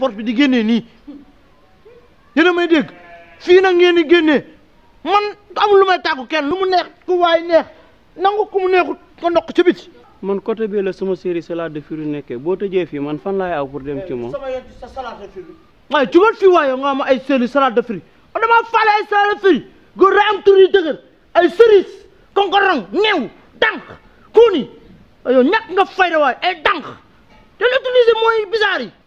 porte bi di génnee nii yéen may dégg fii nag ngeen di génnee man amul lu may tàggu kenn lu mu neex ku waay neex nangu ku mu neexut nga ndox ci biti man côté bi la sama série salade de fruits nekkee boo tëjee fii man fan laay aw pour dem ci moom eh, waaye jugal fii waaye nga am ay série salade de fruits a oh, dama faale ay salade de fruits góor daa am tur yu dëgër ay cerise konkorong ñeew dànq kuuni yow ñàkk nga fayda waay ay dànq te l'utiliser mooy bizarre yi